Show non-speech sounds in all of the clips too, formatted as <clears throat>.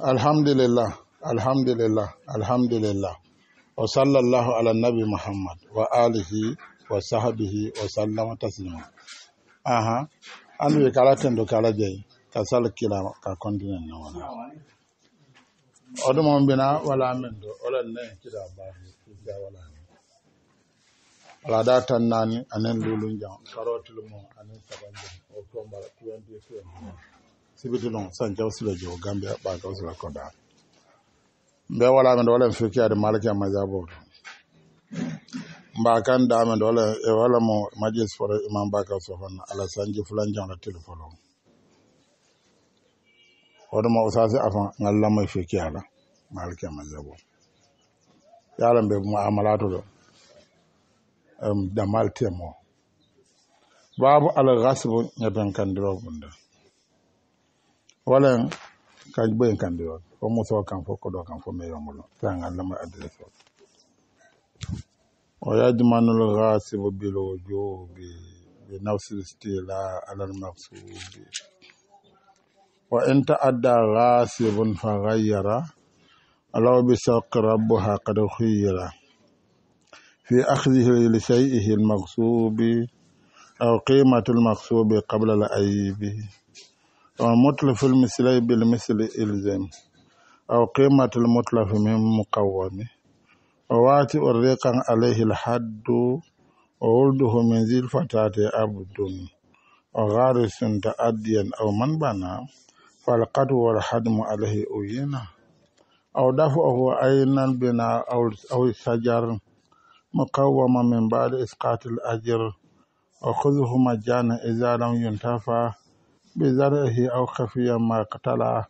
alhamdulillah alhamdulillah alhamdulillah wa sallallahu ala nabi muhammad wa alihi wa sahabihi wa sallama taslima aha andu ɓe kala tendo kala jeyi ka sala kila ka continen no wona oɗumon bina wala min do olan nayi kida bawala alaada tan naani anen lulun jan karotilmo anen sabanje octobre qndt sibiti non san diaw silo dio gambia ɓagaw sila koda mbe wala men wala fikiyade malikia majaboto mbakan dame wala e wala mo majlis foro imam bakaw sohon ala sanji fulan jangla tilifolo hoɗuma osasi afa ngallamo fikiyala malikia majaboto yalambe mo amalatoɗo damal temo babu alghasbu ñeben kandiro gunda walan kaj boyen kandiro fo muso kan fo kodo kan fo meyongolo tangal lama adreso o yajmanu alghasbu bil wujubi bi nafsi istila ala almaqsubi wa in taadda ghasibun faghayyara alaw bi saqi rabbuha qad khayyara fi akhdihi lishayihi almaghsubi aw qimati almaghsubi qabla alaybi aw mutlafi almisli bilmisli ilzam aw qimati almutlafi min muqawami o wati o reqan alayhi alhaddu o wulduhu min zilfatati abdun o garisun ta addiyan aw man bana falqatu walhadmu alayhi uyina aw dafu ohu aynan bina aw sajar aw مقوما من بعد إسقاط الأجر وخذه مجانا إذا لم ينتفع بزرعه أو خفيا ما قتلا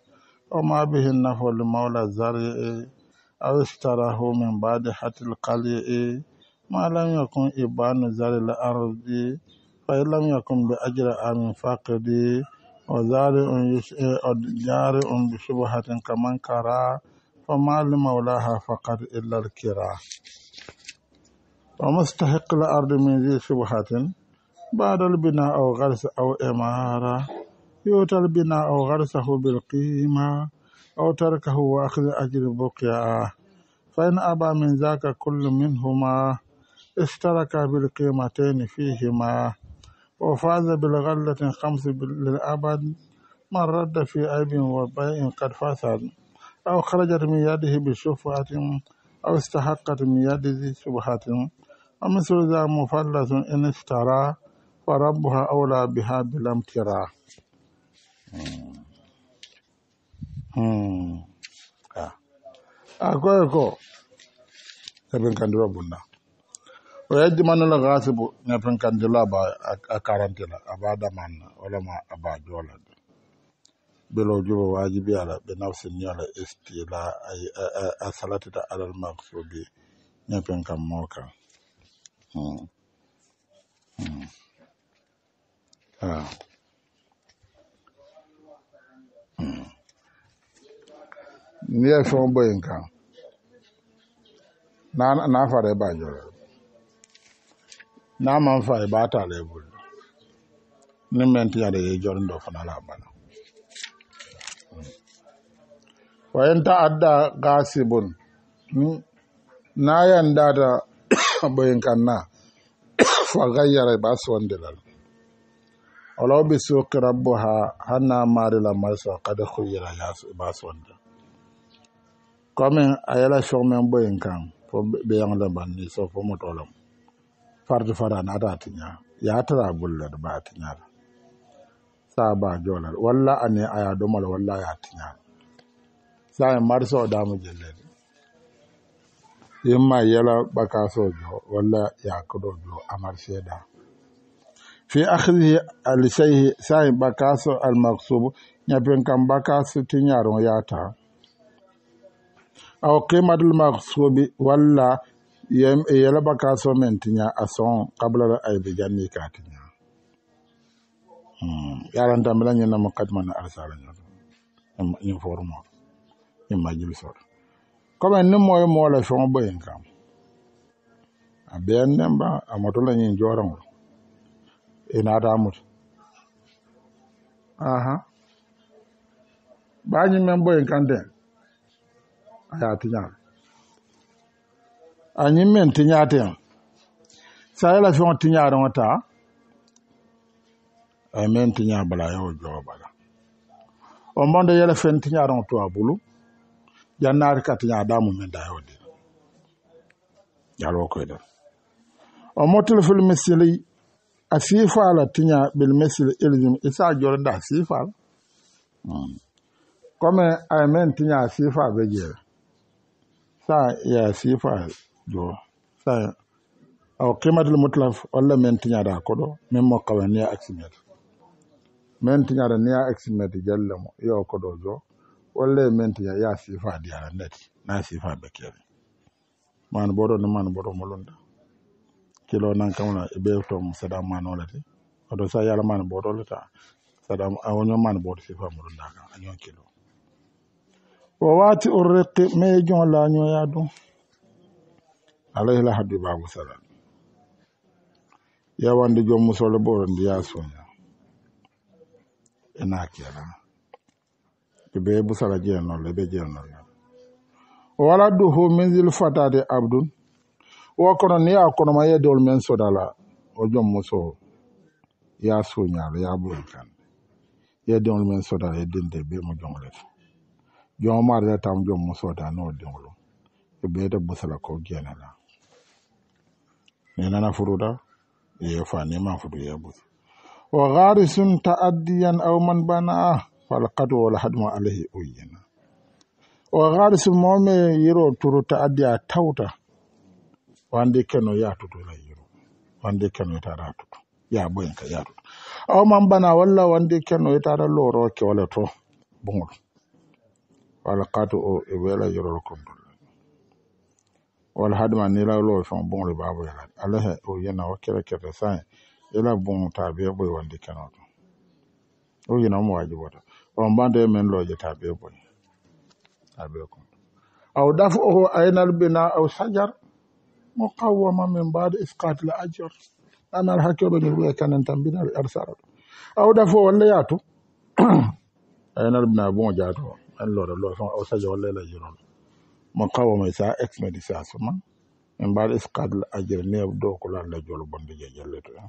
وما به النفع لمولى الزرع أو اشتراه من بعد حتى القليع ما لم يكن إبان زرع الأرض فإن لم يكن بأجر من فاقد وزارع يشئ جارع بشبهة كمن كرا فما لمولاها فقط إلا الكرا ومستحق الأرض من ذي شبهة بعد البناء أو غرس أو إمارة يؤتى البناء أو غرسه بالقيمة أو تركه وأخذ أجر بقيا فإن أبى من ذاك كل منهما اشترك بالقيمتين فيهما وفاز بالغلة خمس للأبد من رد في عيب وبيع قد فسد أو خرجت من يده بشفعة أو استحقت من يد ذي شبهة amsuza mufallasun in istara fa rabbuha aula biha bilamtira a koye ko ñapin kandiro bunna o yaddi manola gasibo ñapin kandilo aba a karantila aba damanna walama aba joola bilo jubo wajibi ala ɓe nafsini ala istila a salatita alal maksudi ñapin kam mo kan อืมอืมก็อืมเนี่ยชงเบ่งกันนานาฟาได้บาจอนามันฟาบาตาเลยบุนี่แม่นที่อะไรจอรนดอฟนาลาบานะ wayan ta'adda gasibun na yanda da ɓoyin kan na <coughs> fagan yarai ba su wanda lal olaw bi su kirabbu ha hanna mari la mai so kada ku yira ya su ba su wanda komin a yala shon men ɓoyin kan fo be yan da ban ni so fo mutu olam farti fara na da tinya ya tara bulla da ba tinya sa ba jolar walla ane aya domala walla ya tinya sa yin mari so da mu jellar yemma yela bakasojo walla yakudo jo amar seeda fi akhdhi alshayhi sahi bakaso almaksubu ñapen kam bakaso tiñaron yata aw qimat almaksubi walla yela bakaso men tiña a son qablala aybe janni ka tiña hmm, yarantambe la ñinamo kadmana arsala ñoto ñu formo ñimma julsoto kɔmi ne mɔye mɔ la fɛn bɔ yen kan a bɛɛ ne ba a mɔtɔ la yin jɔra ŋɔ e n'a da mu aha baa nyimɛ bɔ yen kan dɛ a y'a ti ɲa a nyimɛ ti ɲa tɛ saa yɛlɛ fɛn ti ɲa dɔn ta a ye mɛ ti ɲa bala a y'o jɔ bala o mɔndɛ yɛlɛ fɛn ti ɲa dɔn to a bolo. jannaari kati ñaa daamu men daa yoodi yalwo koy den o motil fil misili a siifaala tiña bil misili iljum isa jore daa siifaal comme hmm. ay men tiña siifa be jeere sa ya siifa jo sa aw kimatil mutlaf walla men tiña daa koɗo min mo kawe niya aximeti men tiñada niya aximeti jallemo yo koɗo joo walla e menti ya yaa siifa di ala nati na siifa be keeɓe maano boɗo no maano boɗo mo lunda kilo nan kamna e ɓe to sadam ma nolete oɗo so yala maano boɗole ta sadam awoño maano boɗo siifa mo lunda kam añon kilo o waati o rekki mai jon lañoya dum alayhila haddi babu salam yawande jom musolle boro ndiya soña enakelan ɓe be busara jeenolle ɓe jeenolle o wala duhu minzil fatati abdun wo kono ni a konoma yedewol men sodala o jom muso ya suñala ya ɓuri ye yedewol men soda sodala e dinde be mo jom jom mar jomaɗe tam jom musoda no dinglu e ɓeyde busala ko jeenela ni na furuda e fanima furu ya bu wa gharisun ta'addiyan aw man bana'a wala hadma alayhi o yina o haalisi momi yiro turu ta addi a tawta wande keno ya tutu la yiro wande keno ta ratu ya boyen ka yatuto aw man bana walla wande keno ta ra loro ke wala to bungul walkatu o e wela yiro ko wala hadma ni la lo fon bugol babu ya alahe o yina wakkere kete sa ila bugu tabe boy wandi kenoto o yina mo waji wota o mbande men loje tabe boy tabe ko aw dafu o aynal bina aw sajar muqawwama min ba'd isqat al ajr anal hakko ni ruya e kanan tambina arsar aw dafu walla yatu aynal bina bon jato en lo lo fa aw sajar walla la jiron muqawwama e sa ex medisa suma min ba'd isqat al ajr ne do ko la jolo bon bije jelleto eh.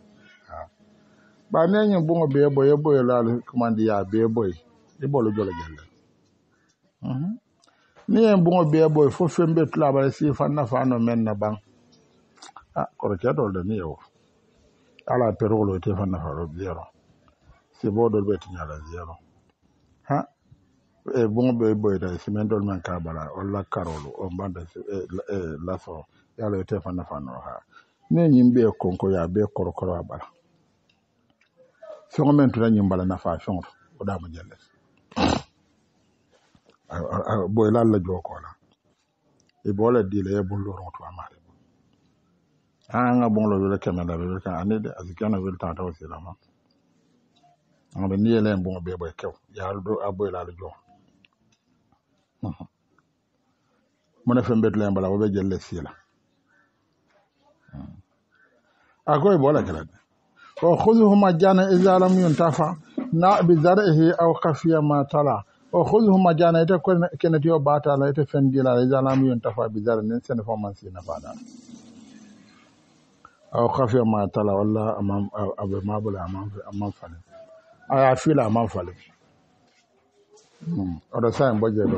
Ɓa nyi nyɛ buŋɔ bee boyi e mhm. boyi e ah, la kimandi yaa bee boyi i bolu jɔli jɛlli ni yɛn buŋɔ bee boyi fo fem be tulabali sii fanna faano mɛnna baŋ a kɔrɔkɛ dɔli di ni yɛwo ala perugolo ite fanna faaro zero siboo doli be ti nyala zero ha e buŋɔ bee boyi da e simen doli man kaa bala o la karolu o banda e, lasɔrɔ yala ite fa faano ha ni yin bee konko yaa bee kɔrɔkɔrɔ a bala Si yon men ture njim bala na fasyon, w da mwen jen lesi. Aboy lal le jok w la. Ibole di le, ye bun loront w amari. A nga bon lor, yon le kemen la, yon le kemen la, anide, azik yon le tantaw si la man. Anbe niye len bon bebo e kev, yon aboy lal le jok. Mwen e fembet len bala, w be jen lesi la. Akon yon bole kele di. fa khudhuhum ajjana iza lam yuntafa na bizarihi aw kafiya ma tala o khudhuhum ajjana ite kenati o batala ite fendilal iza lam yuntafa bizari nin sene fo man sina fada aw kafiya ma tala walla amam abe mabula amam amam fale aya fila amam fale hmm, oɗo sai bo jeɗo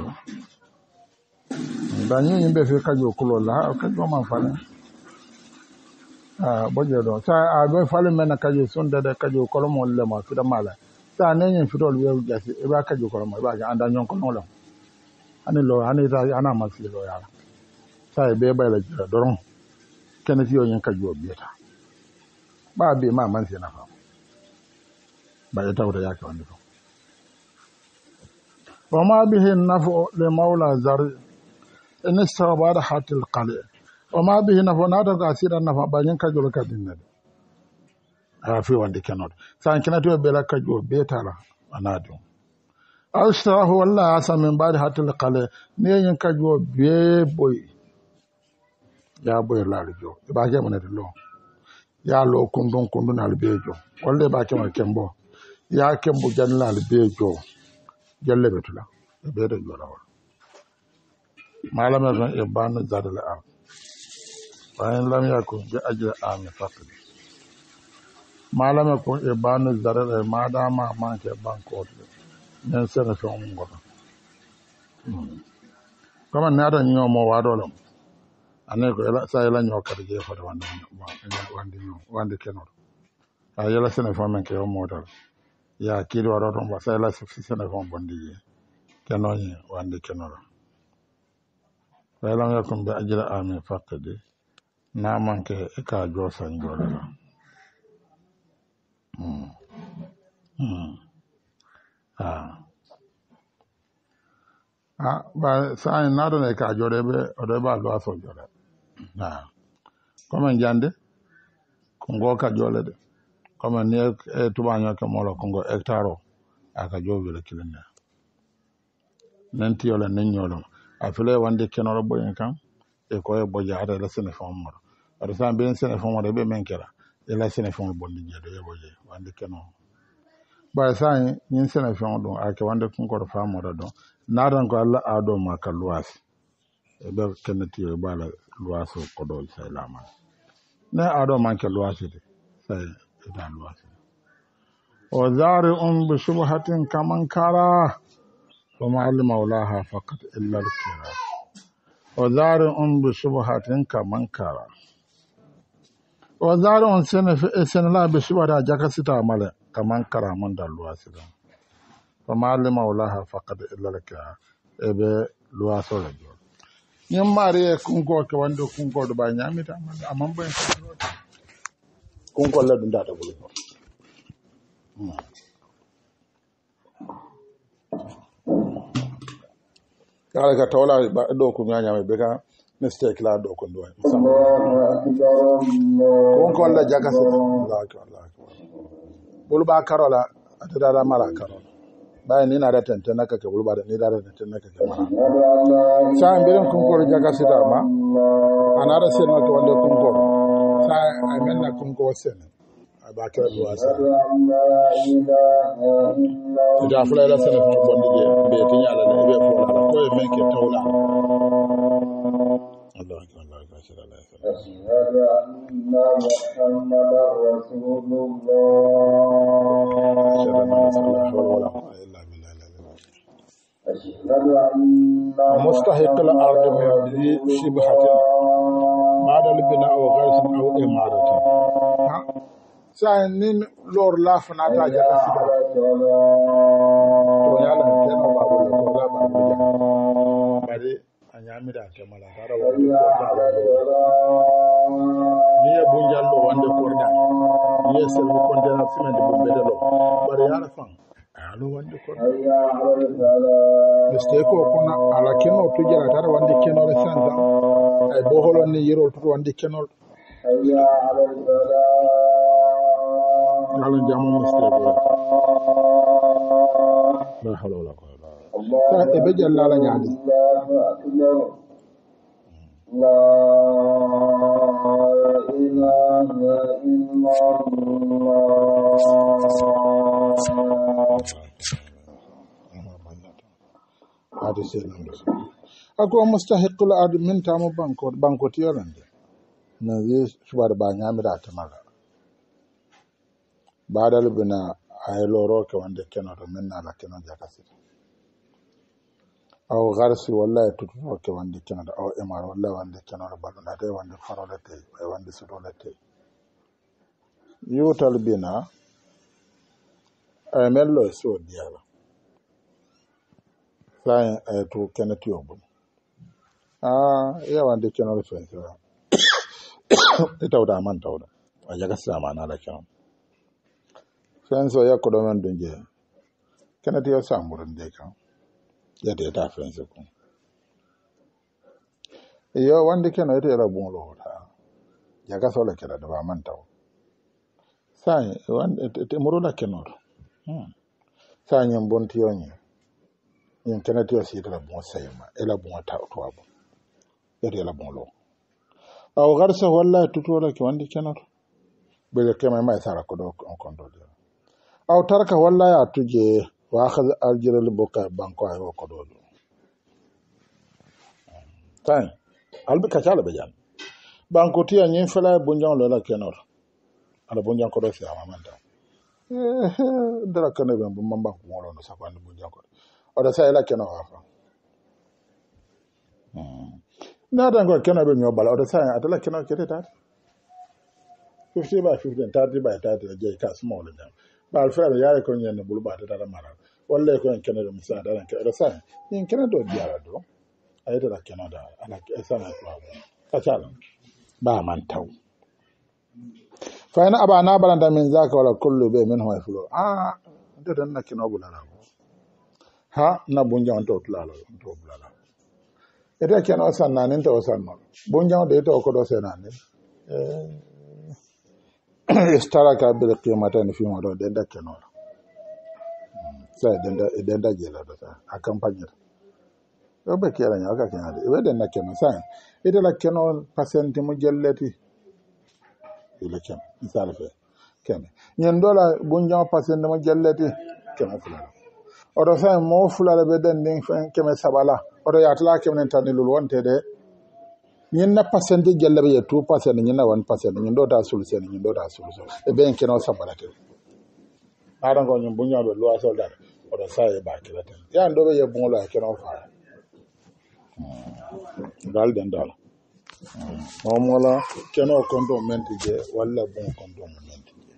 da ñiñi mbe fe kajo kulol la kajo man fale Ah, bojo do sa a ah, be falu mena kaje sunde da kaje kolomo le ma fi da mala sa ne nyin fi do be gasi e ba kaje ma ba ga anda nyon ko lo ani lo ani ta ana ma fi lo ya sa e be ba la jira ron kene fi o nyin kaje o bieta ba be ma man se na fa ba ya tawta ya ka wani ko wa ma bihi nafu li maula zari in e da hatil qali' o maɓi hinafo nata ko a siɗan nafa ɓañin kañol kadinnede ha fi wonde kenoɗo sa kinati o ɓela kaƴo be tala anaadi um astrahu walla asa min mbaɗi hattile kale niyeñin kaƴu o be boyi ya boyi laali jo ɓa e kemonede lo ya lo kundun kundunaali be jo golle ɓa kema kembo ya kembo janilaali be jo jelle ɓe tula ɓe ɓeyde jolawol malamen ibanu e zadal ard fayin lamya ku bi ajiye ami fatil malama ku e bani zarara ma dama ma ke ban kotu nan sana fi omun gwada kama na da yi omo wa dole mu a ne ko sa yi lanyo karje fa da wanda wanda yi wanda ke nuru a yi lasa na fi omen ke omo dole ya kiri wa dole ba sa yi lasa fi sana fi omen bandi yi ke nonyi wanda ke nuru fayin lamya ku bi ajiye ami fatil n'ama nke ịka ajụ njọ na e ka ajɔ ɖe be ɔɖe be alo asɔ jɔ ɖe kɔme njande kɔngɔ ka jɔ le ɖe kɔme ni e tuba anyɔ ke mɔlɔ kɔngɔ aka jɔ wele kelen ne ne ntiyɔ le ne nyɔ afele aɗa sa mbiɗen sénéfon waɗa ɓe min kera ela sénéfon bonɗi jeeɗo yeɓo jee wande keno ɓay e sai ñin sénéfon ɗum ake wande konkoto famoɗa ɗon naatan ko allah aɗo maka lois e ɓe kennetiyo e ɓala lois koɗo say laman ne aɗo manke loisede say ita lois o zari um be subhatin kaman kara fo maallima wolaha fakat illal kira o zari um be subhatin kaman kara o zaara on senelaaɓe e suɓata jakasita male kaman karamon dal luwasila fa maalimawlaha fakad illalka eɓe luwasole jool ñin maari e kunkooke wande kunkol ɗo ɓa ñamita male aman boe kunkol laɗu ndata ɓol hmm. kala ka tawlaɗo kum ñañama ɓe kan mistake laa ɗo ko ndoe konko alla jagase ɓulɓa karola ate dada mara karola ɓaye ni naɗaten tenakake ɓulɓade ni ɗaɗate tenakake mara sa e mbiɗen konkoro jagasitama anaɗa seno to wande konkoro sa a menna konko sene aba kira ɗu wasa ita fulayla sene to bondiɗe mbiye tiñalala ɓe fulala koye menke tawla الله أكبر بارك الله أشهد أن لا إله إلا أشهد أن محمدا رسول الله أشهد أن مستحق الأرض شبهة أو غرس أو إمارة سأنين لور لا فناتا جاء ويعلم كيف ñamira kemala tara ni ye bunjallo wande korda ni ye selbu kontena simende bu bedelo bari yala fan alo wande korda mistake o kuna ala keno tujara tara wande kenol santa ay boholo ni yirol tut wande kenol yalo jamu mistake la hawla wala fate be jallala ñaali haade seeɗamɗo agoo mustahiqulo ad min tamo banko bankotiyolande no wi subaɗa ba ñamirata maga baɗal bina ayloroke wonde keno to min nala keno jakasita aw harsi wallahi tutuno ke wandi kenoɗo aw emar wallahi wandi kenoɗo balluɗate wandi farole tey e eh, wandi sotole tey yutal bina ay eh, mello e suwo diyala sayin ay eh, tu kene tiyo bun a ah, iya wandi kenoɗo fensira <coughs> itawda aman tawda a jagasinamanaɗa kenon fenso yakko ɗo men dun jee kene tiyo samburun de kan yetiyetafenze kum iyo wandi keno ite yela buŋolo wuta jakaso le kela daba mantawo sai muru la kenoro sai ñiŋ bontiyo ñiŋ ñiŋ kenetiyo si ite la buŋo seyima ila buŋo tuwabu ite yela buŋolo aw garsa wallahi tutuwo la ke wandi kenoro bele kema ima isara kodo kontodiro aw tarka wallahi a tuje واخذ ارجل البوكا بانكو اي وكو دول تاي البي كاتال بجان بانكو تي اني فلا بونجان لولا كينور على بونجان كو دوسي اما مانتا <laughs> درا كنو بن بمبا بو مولون ساكو اند بونجان كو اودا ساي لا كينو اف <laughs> نادان كو كينو بن يوبال اودا ساي اتلا كينو كيتي تات 50 by 50, 30 by 30, jay kas mwole jan. Bal fere yare konye ne bulu bate tata marat. walla ko en kenede mi sanade alan ke ere sane min kenede ɗo jiyara ɗo a yetata kenode ala e sane toam kacala mbaman taw fayno aba nabalanda min zaka wala kollu ɓe min hoye fulo a deten nakkinoɓu lalago ha nabbu jawnto tulala to bulala ete keno sannanin tawo sannol bon jawde tawo koɗo senani eh, <clears throat> istaraka bele qimatani fimaɗo de dakkenoɗo sa e denda jela do sa a campagne ta o be kela ñaw ka keñade e wede na keno sa ite la keno patiente mo jelleti ile ken misal fe kene ñen do la bun jama patiente mo jelleti keme fulala oto sa mo fulala be den ndin keme sabala oto yatala kemnen tanni lul wonte de ñin na patiente jelleɓe ye tout patiente ñin na won patiente ñin do ta solution ñin do ta solution e ɓen keno sabalate aɗa ngo ñum bu ñawɓe loi soldat oɗon sawi bakireten yan ɗo ɓe yebbugolo ha keno fa dalden hmm. dal momola hmm. keno konto menti je walla bon konto menti je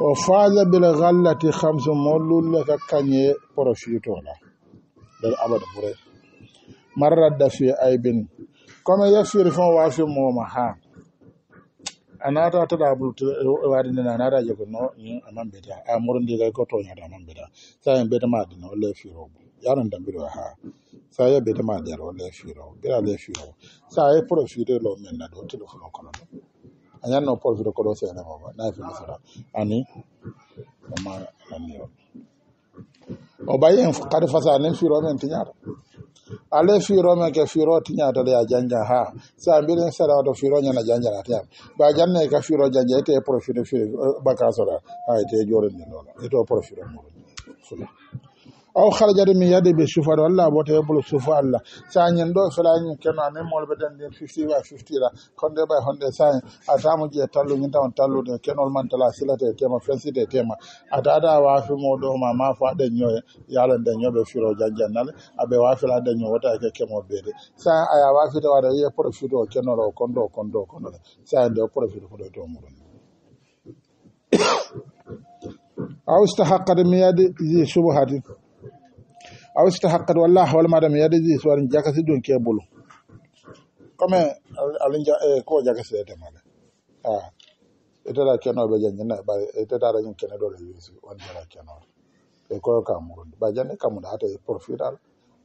o faaja bila gallati xamsu mo lullata kañe porofitola dal abada bure mararadda fi aybin comme yafiri fo wasi moma haan anata tada bulto wadin na nada yego no yin amambeda a moron diga goto nya da amambeda sai en beta ma dino le firo yaran da biro ha sai ya beta ma da le firo bira le firo sai profite lo men na do tilo fulo kono anya no profite ko do sai na baba na fi sara ani ma ani o ɓayi kadi fasa ne firo men tiñata ale firo men ke firo tiñatale le janja ha sa mbiɗen do firo janja janjana tiyam ba janne ka firo janja ite profite firi eh, bakasoɗa ha ite joɗonni ɗola ito profite muɗum fula aw harjade mi yade ɓe sufaɗo allah bo tawibolo sufa allah sañen ɗo felañi keno amin molɓe danndin fifti wa fifti ra konde ɓay honde sañe atamo jeye talluñi tawon tallude kenol mantala silate tema fensite tema atada waafi moɗo ma maafo a ɗeññoye yaala deñoɓe firo janjannale aɓe waafila deño wotake kemo beede sae aya waafita waɗa yiye profite o kenol o kondo kondo konole sae nde profite koɗo to muɗon a ustahaqade mi yade ji subahatin awista hakkat walla hoole maɗam yadaji so waɗa jakasi ɗum kebolo comme alae ko jakasi edemaɗa a etata kenoɓe jañinna ɓa etetaɗa ñin kene ɗo ɗe yeesi on jara kenoɗe e koyo ka murundi ɓa jande kammuɗa ata e profit al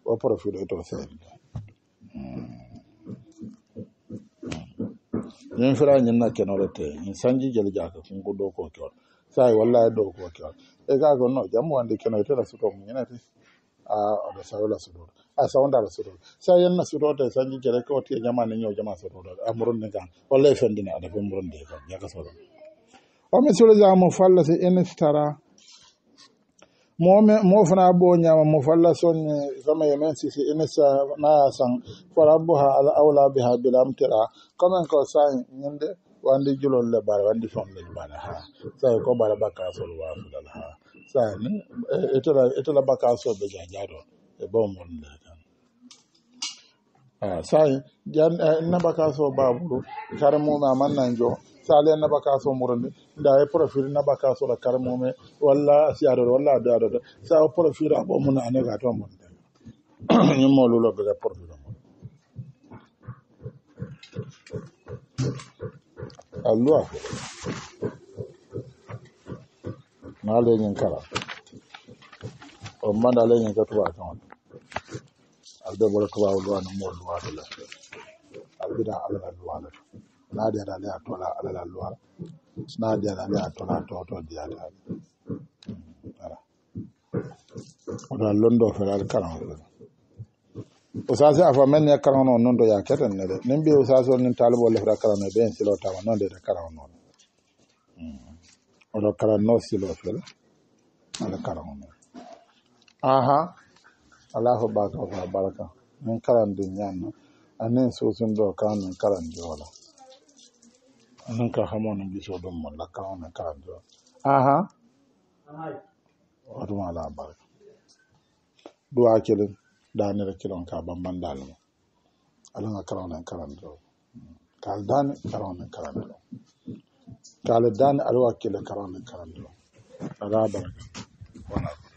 o profit oyto seeɗiɗe min fira ñinna kenoɗo te in sanji jele jaka kunko ɗo ko kewal sa wallahi ɗo ko kewal e kaka no jam wonde keno tena sutomu ñinati aɗa sawla suɗoɗo a sawdaɗa suɗoɗo sa yenna suɗoɗo e sañji jere ko otti e jama ne ñoo jama suɗoɗo a murondi kan walla e fendine aɗa fe murondi kan jaka soɗo omi sulisamo falla so instara momi mofana boñama mo falla soñe comme e men sisi inista naya san farabo ha ala awla bi ha bilamtira commen ko sañ ñinde wandi julol le bare wandi fonle bare ha sawi ko bare bakka sol wafudal ha sani etela e e e bakaso be ja jaro e bo mon da tan ah sai jan na bakaso babulu kare mo ma man nanjo sale na bakaso murande da e profil na bakaso la kare mo me walla siado walla da da sa o profil a bo mon ane ga to mon <clears throat> ni mo lu lo be da profil mo allo na leñin kala on manda leñin ka tuba ton al do bol tuba wo wana mo wo wana la al bida al la wo wana na de da le atola al la wo wana na de da le atola to to di ata ara on al londo fer al kala o sa se afa men ya kala non non do ya keten ne de nimbi o sa so nin talibo le fer kala ne ben silo tawa non de kala non oɗo kala nosilo fel ala karan men aha alahu baka fa baka min karandi ñanna anin susundo kan min karandi wala anin ka hamono biso ɗum molla kawane karandi wala aha watuma ala baraka duwa kelin danira kilon ka bambandalma alanga kala karandi wala kal dani karawnen karandi wala تعال دان أرواك لكرام الكرام له أرابا ونظر